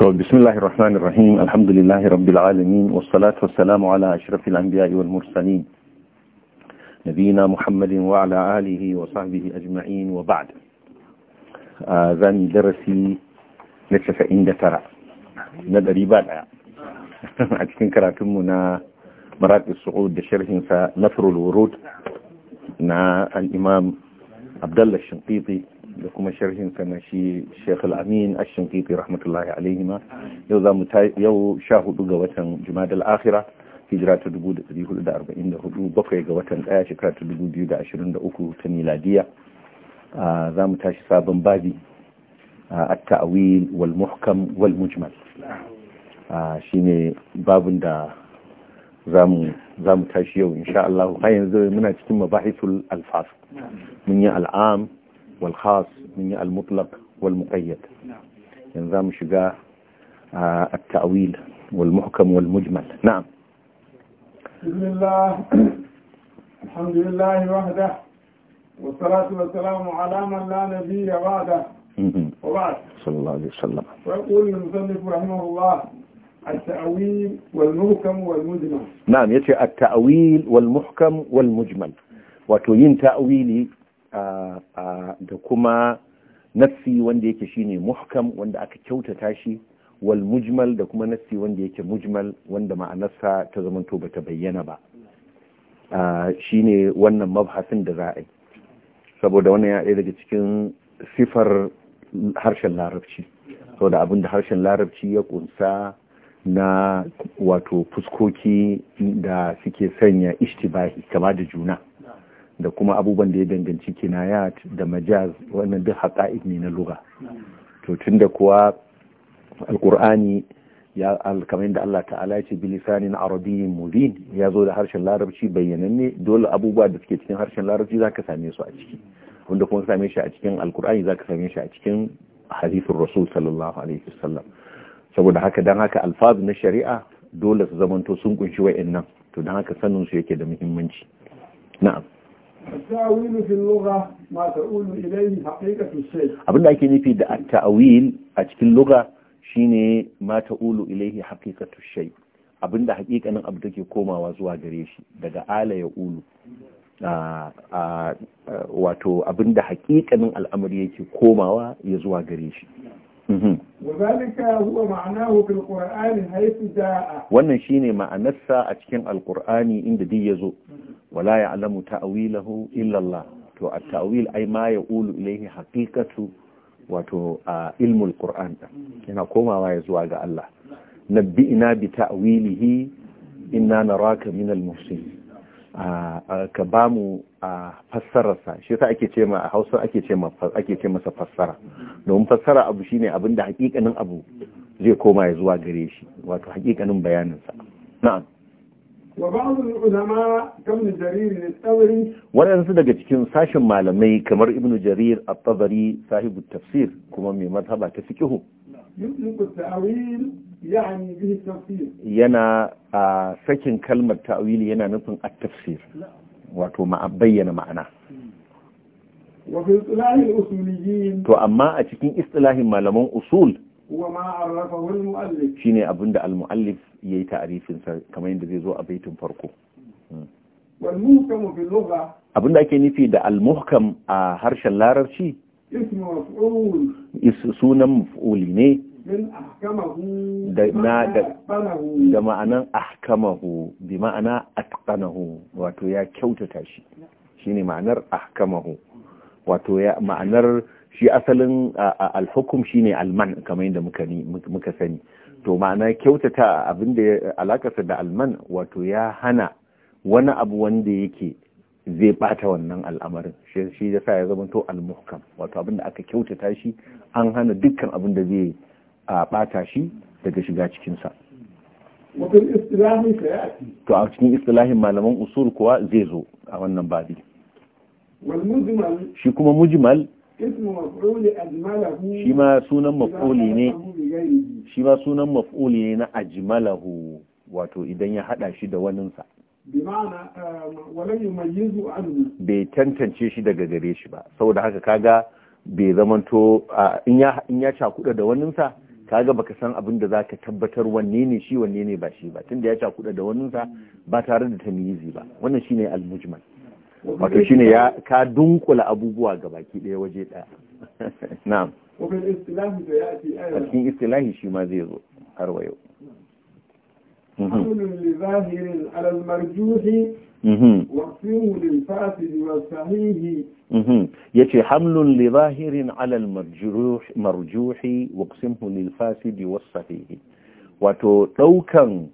طيب، بسم الله الرحمن الرحيم الحمد لله رب العالمين والصلاة والسلام على أشرف الأنبياء والمرسلين نبينا محمد وعلى آله وصحبه أجمعين وبعد آه، ذاني درسي نتشف عند ترى ندري بعد أتكن كراتمنا مراتب الصعود دشره نثر الورود نا الإمام عبد الله الشنقيطي da kuma sharhin sana shi Sheikh Al-Amin Ash-Shankiti rahmatullahi alaihi ma yau za mu yau 14 ga watan Jumadal Akhira hijira ta 1444 bakwai ga watan daya shekara ta 2023 ta miladiya za mu tashi sabon babi at-ta'wil wal muhkam wal mujmal shine babun da za mu tashi yau insha Allah har yanzu muna cikin mabahithul alfas mun yi al'am والخاص من المطلق والمقيد نظام يعني شقاء آه، التأويل والمحكم والمجمل نعم بسم الله الحمد لله وحده والصلاة والسلام على من لا نبي بعده وبعد صلى الله عليه وسلم ويقول المصنف رحمه الله التأويل والمحكم والمجمل نعم يتي التأويل والمحكم والمجمل وتوين تأويلي da kuma nassi wanda yake shine muhkam wanda aka kyautata shi wal mujmal da kuma nassi wanda yake mujmal wanda ma'anarsa ta zamanto bata bayyana ba shine wannan mabhasin da za a yi saboda wannan ya daga cikin sifar harshen larabci saboda abin da harshen larabci ya kunsa na wato fuskoki da suke sanya ishtibahi kama da juna da kuma abubuwan da ya danganci kinayat da majaz wannan duk haƙa'id ne na lura to tun da kuwa alƙur'ani ya kamar da Allah ta'ala ce na arabiyyin mubin ya zo da harshen larabci bayyananne dole abubuwa da suke cikin harshen larabci zaka same su a ciki wanda kuma same shi a cikin alƙur'ani zaka same shi a cikin hadisin rasul sallallahu alaihi wasallam saboda haka dan haka alfazu na shari'a dole su zamanto sun kunshi wa'annan to dan haka sanin su yake da muhimmanci na'am التأويل في اللغة ما تقول إليه حقيقة الشيء أبدا أكي نفي التأويل أتكي اللغة shine ma ta'ulu ilaihi haqiqatu shay abinda haƙiƙanin abu take komawa zuwa gare shi daga ala ya ulu wato abinda haƙiƙanin al'amari yake komawa ya zuwa gare shi wannan shine ma'anarsa a cikin alkur'ani inda duk zo. wala ya alamu ta'awilahu illallah, to a tawil ai ma ya ulu ilaihi haqiqatu wato ilmul qur'an yana komawa ya zuwa ga Allah na bi ta'wilihi inna naraka minal musulmi, ka ba mu fassararsa shi yasa ake ce a Hausa ake ce ake ce masa fassara domin fassara abu shine abinda hakikanin abu zai koma ya zuwa gare shi wato hakikanin bayaninsa. na'am waɗansu daga cikin sashen malamai kamar ibnu jarir at-tabari sahibu tafsir kuma mai mazhaba ta fiqhu yana a sakin kalmar ta'wili yana nufin at-tafsir wato ma'a bayyana ma'ana to amma a cikin istilahin malaman usul shine abin da al-mu'allif ya yi ta'arifinsa kamar yadda zai zo a baitin farko hmm. abinda ake nufi da al-muhkam a harshen larabci sunan maf'uli ne da ma'anan ahkamahu bi ma'ana atqanahu wato ya kyautata shi shine ma'anar ahkamahu wato ya ma'anar shi asalin alhukum shine alman kamar yadda muka sani to ma'ana kyautata abin da alakarsa da alman wato ya hana wani abu wanda yake zai bata wannan al'amarin shi ya sa ya zama to almuhkam wato abin da aka kyautata shi an hana dukkan abin da zai bata shi daga shiga cikinsa to a cikin istilahin malaman usul kuwa zai zo a wannan babi shi kuma mujmal shi ma sunan maf'uli ne ne na Ajimalahu, wato idan ya hada shi da waninsa bai tantance shi daga gare shi ba saboda haka kaga bai zamanto in ya cakuda da waninsa kaga baka san abin da zaka tabbatar wanne ne shi wanne ne ba shi ba tunda ya cakuda da waninsa ba tare da tamyizi ba wannan shine al-mujmal wato shine ya ka dunkula abubuwa ga baki ɗaya waje ɗaya na'am a cikin istilahi shi ma zai zo har wa yau hamlun mhm. li alal marjuhi mhm. mhm. yace hamlun li zahirin alal marjuhi waqsimhu lil fasidi was sahih wato daukan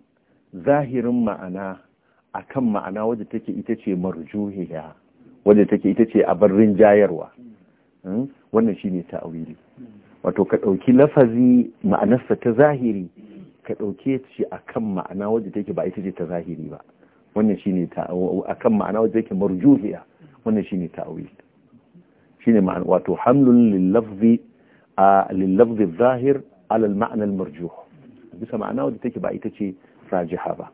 zahirin ma'ana akan ma'ana wadda take ita ce marjuhiya wadda take ita ce abin jayarwa. Hmm? wannan shi ne ta'awili wato ka ɗauki lafazi ma'anarsa ta zahiri ka ɗauke shi akan ma'ana wadda take ba ita ce ta zahiri ba wannan shine akan ma'ana wadda take marjuhiya wannan ne ta'awili shine ma'ana wato hamlun lil lafzi zahir alal ma'anar marjuhu. bisa ma'ana wadda take ba ita ce rajiha ba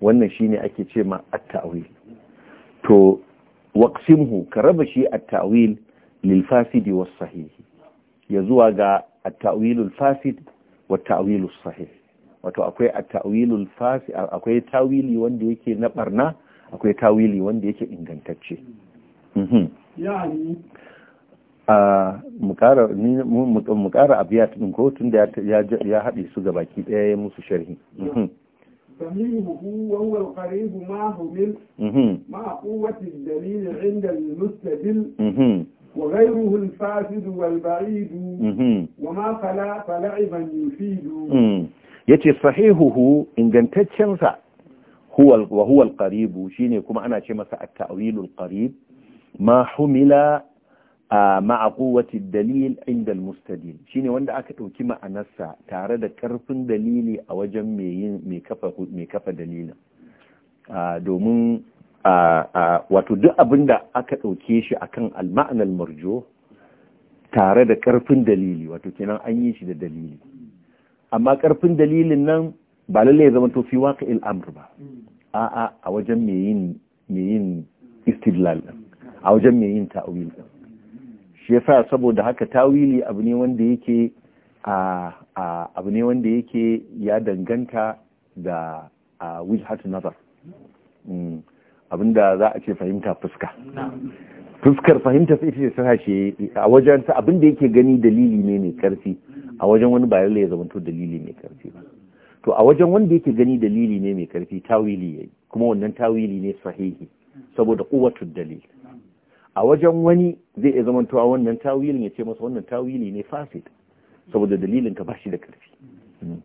wannan shi ne ake ce ma at to waqsimhu ka raba shi at-ta'wil lil fasidi was sahih ya zuwa ga at-ta'wil fasid wa at-ta'wil sahih wato akwai at-ta'wil fasid akwai tawili wanda yake na barna akwai tawili wanda yake ingantacce mhm yani mu kara abiyat ɗin ko tun da ya haɗe su ga baki ɗaya ya musu sharhi. Mhm. فمنه وهو القريب معه منه مع قوة الدليل عند المستدل وغيره الفاسد والبعيد وما فلا فلعبا يفيد يتي صحيحه إن كانت تشنسى هو وهو القريب شيني كما أنا شمس التأويل القريب ما حمل ma'a kowace dalil inda mustadil shine wanda aka ɗauki ma'anarsa tare da ƙarfin dalili a wajen mai kafa dalilin domin wato duk abin da aka ɗauke shi akan alma'anar marjo tare da ƙarfin dalili wato kenan an yi shi da dalili amma ƙarfin dalilin nan ba lallai zama to fi waka il'amr ba a'a a wajen mai yin istidlal a wajen mai yin ta'awil ɗin shi sa saboda haka tawili abu ne wanda yake a abu ne wanda yake ya danganta da heart nazar mm. abinda za a ce fahimta fuska fuskar fahimta ita ce sa shi a wajen sa abinda yake gani dalili ne mai karfi a wajen wani ba ya zamanto dalili mai karfi ba to a wajen wanda yake gani dalili ne mai karfi tawili yayi kuma wannan tawili ne sahihi saboda quwwatud dalil a wajen wani zai iya zamantowa wannan tawilin ya ce masa wannan tawili ne fasid saboda dalilin ka bashi da karfi hmm.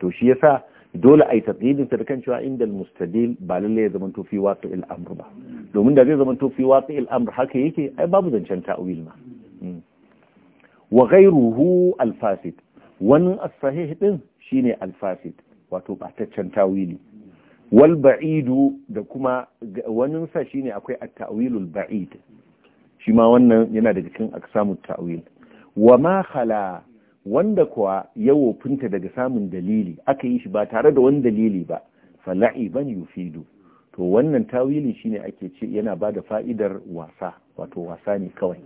to shi yasa dole a yi tafsirin sa da kan cewa inda mustadil ba lallai ya zamanto tofi wasu al ba domin da zai zamanto tofi wasu al haka yake ai babu zancen ta'wil ma hmm. wa ghayruhu al-fasid wani as-sahih din shine al-fasid wato bataccen tawili wal ba'idu da kuma wannan sa shine akwai a tawilul ba'id shi ma wannan yana daga cikin aksamut ta'wil wa ma khala wanda kuwa ya wofinta daga samun dalili aka yi shi ba tare da wani dalili ba fala'iban yufidu to wannan tawili shine ake ce yana ba da fa'idar wasa wato wasa ne kawai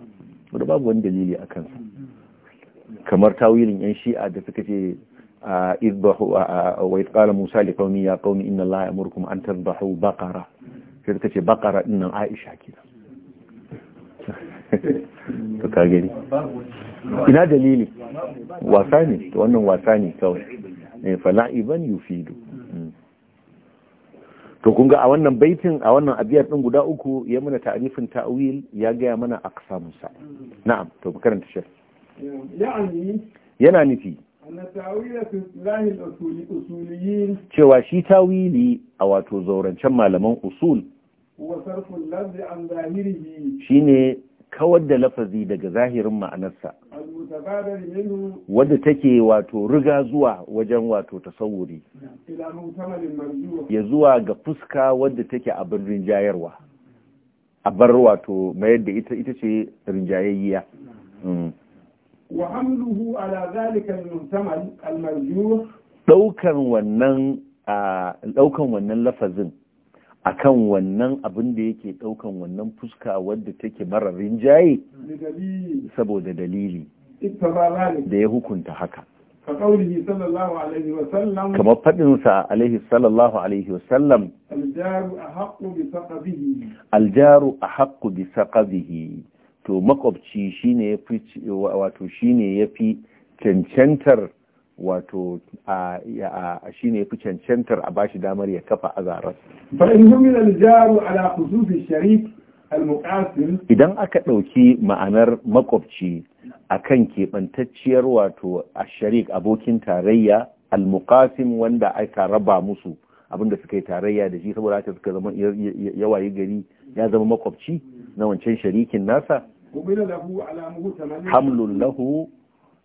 wanda babu wani dalili a kansa kamar tawilin yan shi'a da suka ce wa qala musa li qaumi ya qaumi inna allaha ya'murukum an tadhbahu baqara sai ta ce baqara dinnan aisha kina to ka gani ina dalili wasa ne to wannan wasa ne kawai fala'iban yufidu to kun ga a wannan baitin a wannan abiyar din guda uku ya mana ta'rifin ta'wil ya gaya mana aqsamusa na'am to mu karanta shi yana nufi cewa shi tawili a wato zaurancen malaman usul shi ne kawar da lafazi daga zahirin ma'anarsa wadda take wato riga zuwa wajen wato tasawuri ya zuwa ga fuska wadda take abin rinjayarwa a bar wato mayar da ita ce rinjayayya وحمله على ذلك المحتمل المرجوح ɗaukan wannan ɗaukan wannan lafazin akan wannan abin da yake ɗaukan wannan fuska wadda take mara rinjaye saboda dalili da ya hukunta haka kamar faɗinsa alaihi sallallahu alaihi wasallam aljaru a haƙƙu bi saƙabihi to makwabci shine ya fi wato shine ya fi cancantar wato a shine ya fi cancantar a bashi damar ya kafa azarar idan aka ɗauki ma'anar makwabci a kan keɓantacciyar wato a sharik abokin tarayya al wanda aka raba musu abinda suka yi tarayya da shi saboda haka suka zama yawayi gari ya zama makwabci na wancan sharikin nasa حمل له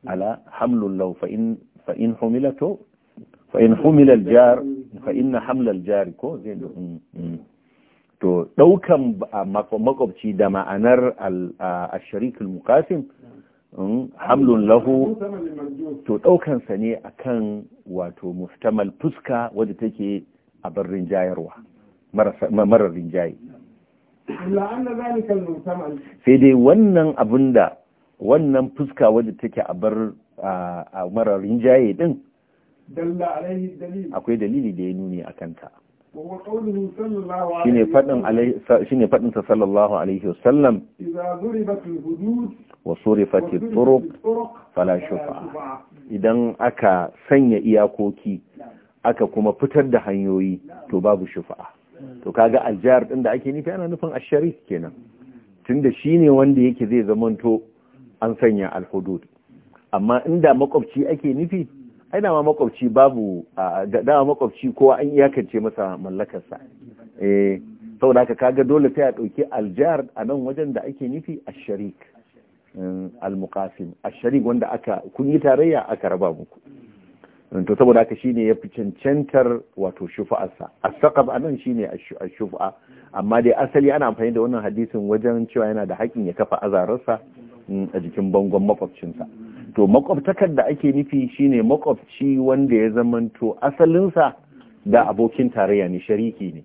على حمل له فإن فإن حملته makwabci da ma'anar al-sharikul muqasim hamlun lahu to ɗaukansa sa ne akan wato muhtamal fuska wadda take a barrin jayarwa marar rinjaye sai dai wannan abin da wannan fuska wadda take a bar a marar rinjaye din akwai dalili da ya nuni a kanta shine faɗin sa sallallahu alaihi wasallam wa surifati turuq fala shufa idan aka sanya iyakoki aka kuma fitar da hanyoyi to babu shufa'a to kaga aljihar din da ake nufi ana nufin asharif kenan tunda shine wanda yake zai zamanto an sanya alhudud amma inda makwabci ake nufi ai dama makwabci babu dama makwabci kowa an iyakance masa mallakarsa eh saboda haka kaga dole sai a dauki aljihar a nan wajen da ake nufi asharik eh, al-muqasim asharik wanda aka kun yi tarayya aka raba muku to saboda haka shine ya fi cancantar wato shufa'arsa as-saqab anan shine ash-shufa amma dai asali ana amfani da wannan hadisin wajen cewa yana da haƙin ya kafa azararsa mm, a jikin bangon makwabcinsa to makwabtakar da ake nufi shine makwabci wanda ya zamanto asalinsa da abokin tarayya ne shariki ne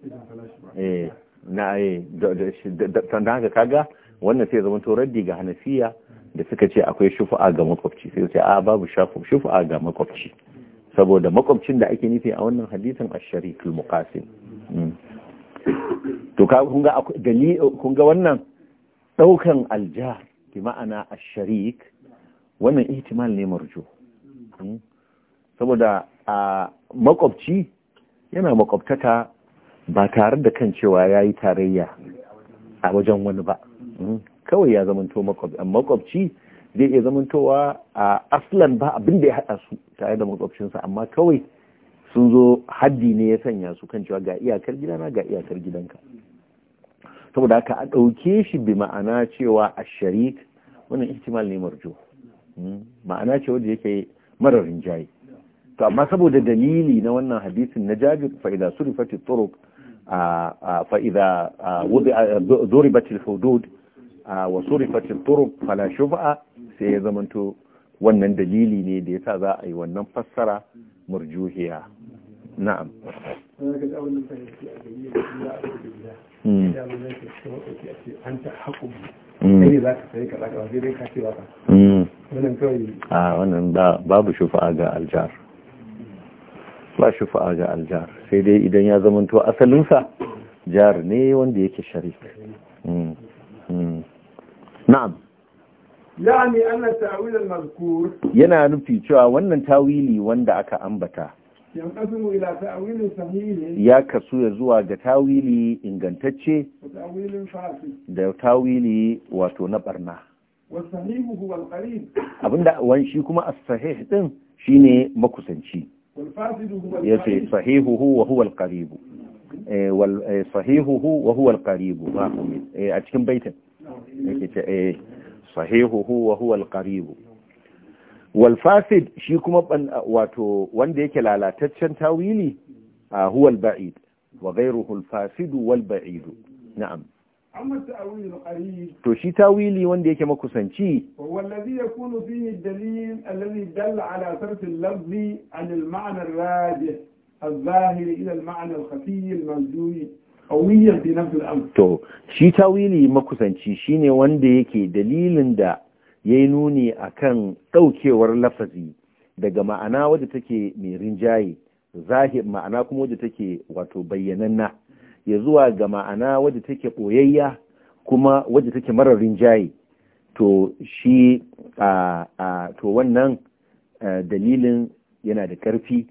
eh na eh da kaga wannan sai zamanto raddi ga hanafiya da suka ce akwai shufa'a ga makwabci sai ce a babu shafu shufa'a ga makwabci saboda makwabcin da ake nufi a wannan hadisin ash muqasim mm. to ka kun ga dali kun wannan daukan aljar bi ma'ana ash-sharik wannan ihtimal ne marju mm. saboda a makwabci yana makwabtaka ba tare da kan cewa yayi tarayya a wajen wani ba mm. kawai ya zamanto makwabci zai iya zamantowa a aslan ba abin da ya haɗa su tare da makwabcinsa amma kawai sun zo haddi ne ya sanya su kan cewa ga iyakar gidana ga iyakar gidanka saboda haka a ɗauke shi bi ma'ana cewa a sharik wannan ihtimal ne marjo hmm, ma'ana cewa da yake marar rinjaye to amma saboda dalili na wannan hadisin na jabir fa idza surifat turuq fa idza wudi'a duribat al-hudud wa surifat turuq fala shuf'a sai ya zamanto wannan dalili ne da ya sa za a yi wannan fassara murjuhiya na'am hmm. hmm. a ah, wannan babu shufa'a ga aljar ba shufa'a ga aljar sai dai idan ya zamanto asalinsa jar ne wanda yake sharik hmm. na'am yani ana ta'wilin mazkur yana nufi cewa wannan tawili wanda aka ambata ya kasu ya zuwa ga tawili ingantacce da tawili wato na barna abinda wan shi kuma as-sahih din shine makusanci yace sahihuhu wa huwa al-qarib eh, eh, sahihuhu wa huwa al-qarib eh, a cikin baitin yake ce eh sahihuhu wa huwa alqarib wal fasid shi kuma wato wanda yake lalataccen tawili huwa al-ba'id wa ghayruhu al-fasid wal ba'id na'am amma ta'wil al to shi tawili wanda yake makusanci wallazi yakunu fihi dalil alladhi dalla ala sarf al-lafzi an al-ma'na ar-rajih الظاهر إلى المعنى الخفي المنزوي qawiyan fi to shi tawili makusanci shine wanda yake dalilin da yayi nuni kan daukewar lafazi daga ma'ana wadda take mai rinjaye zahir ma'ana kuma wadda take wato bayyananna ya zuwa ga ma'ana wadda take ɓoyayya kuma wadda take marar rinjaye to shi a to wannan dalilin yana da ƙarfi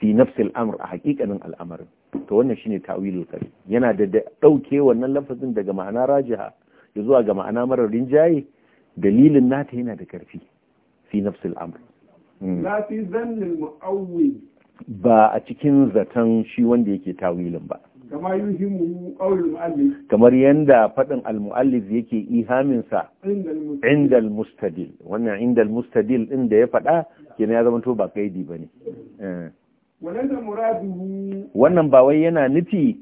fi nafsil amr a hakikanin al'amarin to wannan shine ta'wilul kalim yana da dauke wannan lafazin daga ma'ana rajiha ya zuwa ga ma'ana marar rinjaye dalilin nata yana da karfi fi nafsul amr hmm. la fi zannil mu'awwil ba a cikin zaton shi wanda yake tawilin ba kamar yadda faɗin al-mu'allif yake ihaminsa indal mustadil wannan indal mustadil ɗin da ya faɗa kenan ya zama to ba kaidi ba ne eh. wannan ba wai yana nufi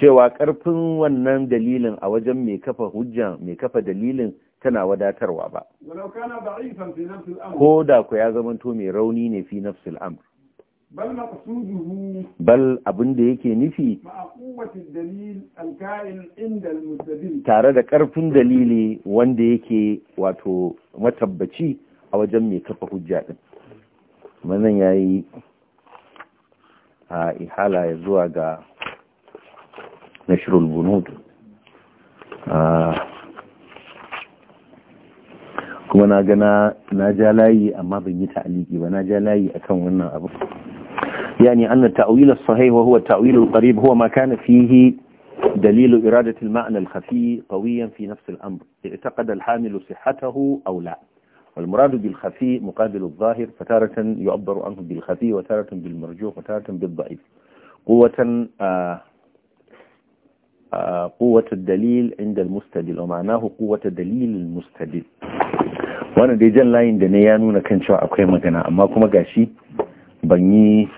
cewa ƙarfin wannan dalilin a wajen mai kafa hujja mai kafa dalilin tana wadatarwa ba ko da ku ya zamanto mai rauni ne fi nafsul amr bal abin da yake nufi tare da ƙarfin dalili wanda yake wato matabbaci a wajen mai kafa hujja din wannan ya yi a ihala ya zuwa ga nashirul bunud kuma na gana na ja layi amma ban yi ta'aliki ba na ja layi akan wannan abu يعني أن التأويل الصحيح وهو التأويل القريب هو ما كان فيه دليل إرادة المعنى الخفي قويا في نفس الأمر اعتقد الحامل صحته أو لا والمراد بالخفي مقابل الظاهر فتارة يعبر عنه بالخفي وتارة بالمرجوح وتارة بالضعيف قوة آه قوة الدليل عند المستدل ومعناه قوة دليل المستدل وانا لاين da ne ya nuna kan cewa akwai magana amma kuma gashi ban yi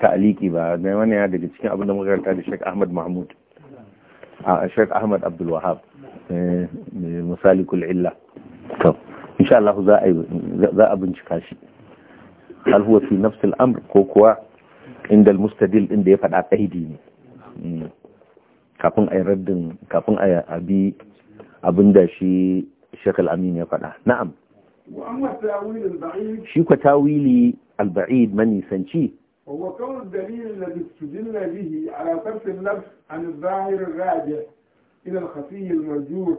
ta'aliki ba da daga cikin abin da muka karanta da Sheikh Ahmad Mahmud a Ahmad Abdulwahab, Wahab illa إن شاء الله ذا أبن شكاشي هل هو في نفس الأمر كوكوا عند المستدل عند يفعل أتهدين كابن أي رد كابن أي أبي أبن داشي شيخ الأمين يفعل نعم وأما التأويل البعيد شو تأويل البعيد من يسنشي هو كون الدليل الذي استدل به على صرف النفس عن الظاهر الراجع إلى الخفي المرجوع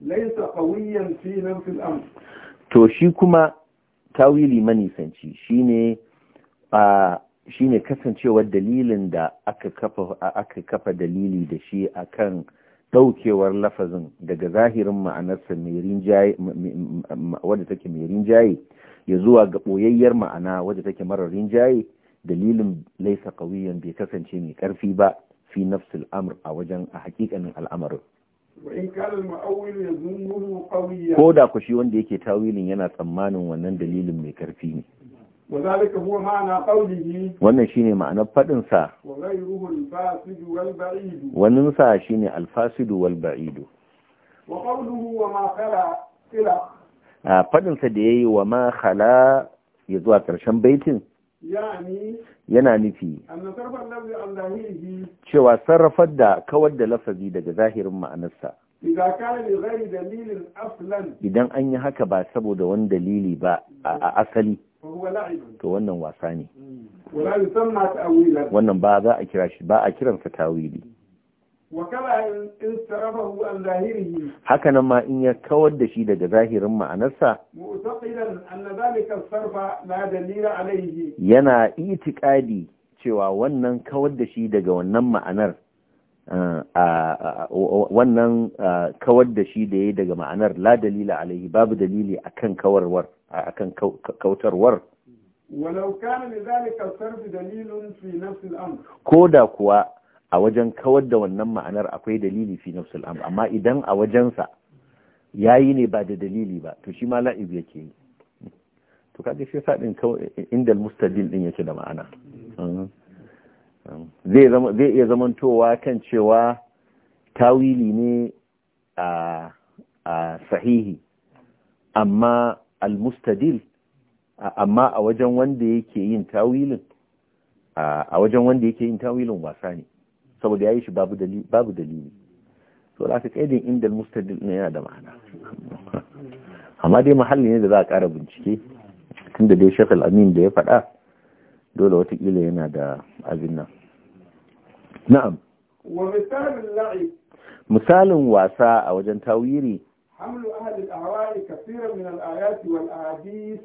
ليس قويا في نفس الأمر to shi kuma tawili manisanci shine a shine kasancewar dalilin da aka kafa aka kafa dalili da shi akan daukewar lafazin daga zahirin ma'anarsa mai rinjaye wadda take mai rinjaye ya zuwa ga boyayyar ma'ana wadda take marar rinjaye dalilin laisa qawiyan bai kasance mai karfi ba fi nafsul amr a wajen a hakikanin al'amarin ko da kushi wanda yake tawilin yana tsammanin wannan dalilin mai karfi ne wannan shine ma'anar faɗin sa wannan sa shine alfasidu wal ba'idu a faɗin sa da yayi wa ma khala ya zuwa ƙarshen baitin yana nufi cewa sarrafar da kawar da lafazi daga zahirin ma'anarsa idan an yi haka ba saboda wani dalili ba a asali to wannan wasa ne wannan ba za a kira shi ba a kiransa tawili hakanan ma in ya kawar da shi daga zahirin ma'anarsa yana itikadi cewa wannan kawar da shi daga wannan ma'anar wannan kawar da shi da ya daga ma'anar la dalila alaihi babu dalili akan kawarwar akan kautarwar walau kana li zalika sarf dalilun fi nafs al Ko da kuwa a wajen kawar da wannan ma'anar akwai dalili fi nafsul amr amma idan a wajensa yayi ne ba da dalili ba to shi ma la'ib yake yi to kaga shi sadin inda mustadil din yake da ma'ana zai zama zai iya zamantowa kan cewa tawili ne a a sahihi amma al-mustadil amma a wajen wanda yake yin tawilin a wajen wanda yake yin tawilin wasa ne saboda yayi shi babu dalili babu dalili to da kaidin inda mustadil ne yana da ma'ana amma dai mahalli ne da za a ƙara bincike tunda dai Sheikh amin da ya faɗa dole watakila yana da abin nan na'am wa misalin misalin wasa a wajen tawiri hamlu ahalin al-ahwa'i kaseeran min al-ayati wal ahadith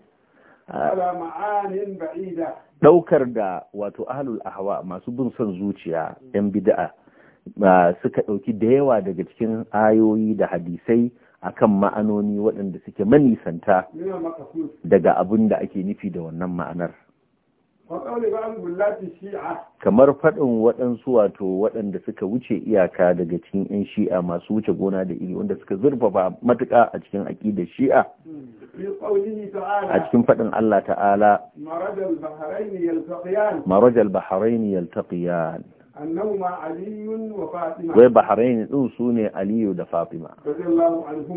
daukar da wato ahlul ahwa masu bin son zuciya yan bid'a suka ɗauki da yawa daga cikin ayoyi da hadisai akan ma'anoni waɗanda suke manisanta daga abin da ake nufi da wannan ma'anar kamar faɗin waɗansu wato waɗanda suka wuce iyaka daga cikin 'yan shi'a masu wuce gona da iri wanda suka zurfafa matuƙa a cikin aƙidar shi'a a cikin faɗin Allah ta'ala marajal baharaini yaltaqiyan wai baharaini ɗin su ne aliyu da fatima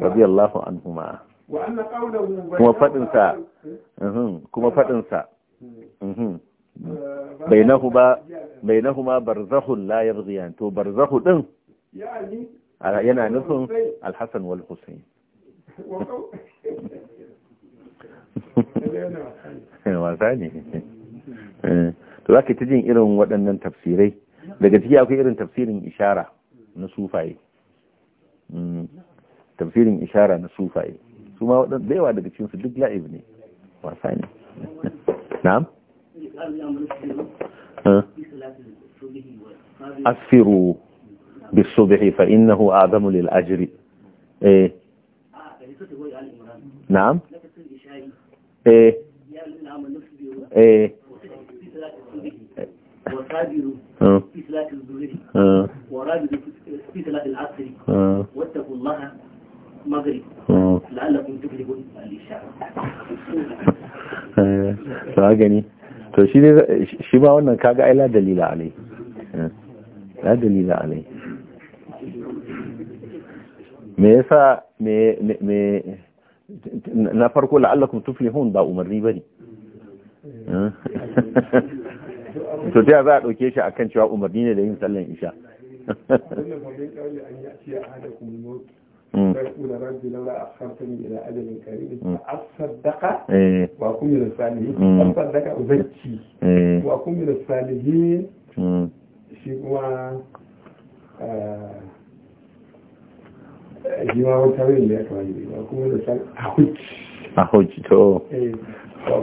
radiyallahu anhuma kuma faɗinsa uhm, kuma faɗinsa Mhm. Eh, bainahuma barzakhun la yaghziyan to barzakhu din yana nufin Alhassan hasan wal Husayn wasa ne eh. to za ta jin irin waɗannan tafsirai daga ciki akwai irin tafsirin ishara na sufaye mm. tafsirin ishara na sufaye su ma waɗanda yawa daga cikinsu duk la'ib ne wasa ne نعم أثروا بالصبح فإنه أعظم للأجر إيه نعم إيه إيه وصابروا في صلاة الظهر ورابطوا ta gani to shi shi ba wannan kaga ai la dalila alai la dalila alai me yasa me me na farko la'allakum tuflihun ba umarni bane to ta za a ɗauke shi akan cewa umarni ne da yin sallan isha فيقول ربي لولا أخرتني إلى da yi mm. eh. mm. kuma da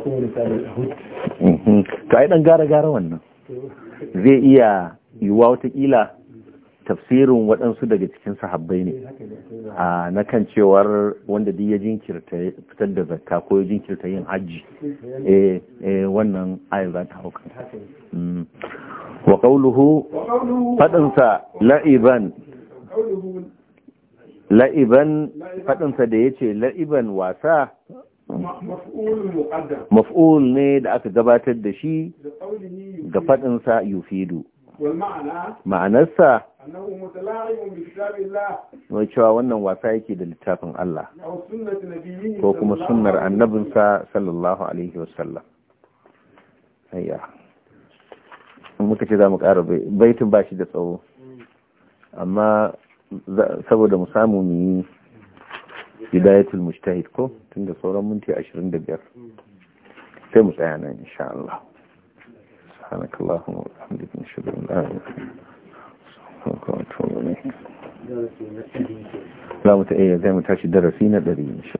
kuma da eh, mm-hmm. gara gara wannan zai iya yiwuwa watakila tafsirin waɗansu daga cikin sahabbai ne a na kan cewar wanda duk ya jinkirta fitar da zakka ko ya jinkirta yin hajji eh, eh wannan ayar za ta hauka mm. wa qawluhu fadinsa la'iban la'iban fadinsa da yace la'iban wasa maf'ul ne da aka gabatar da shi ga faɗinsa yufidu ma'anarsa mai cewa wannan wasa yake da littafin Allah ko kuma sunnar annabinsa sallallahu alaihi wasallam ayya muka ce za mu ƙara baitin ba shi da tsawo amma saboda mu samu mu yi mujtahid ko tun da sauran minti 25 sai mu tsaya nan insha Allah سبحانك اللهم وبحمدك نشهد ان لا اله الا انت لا متأيّد دائما تاشي درسينا دري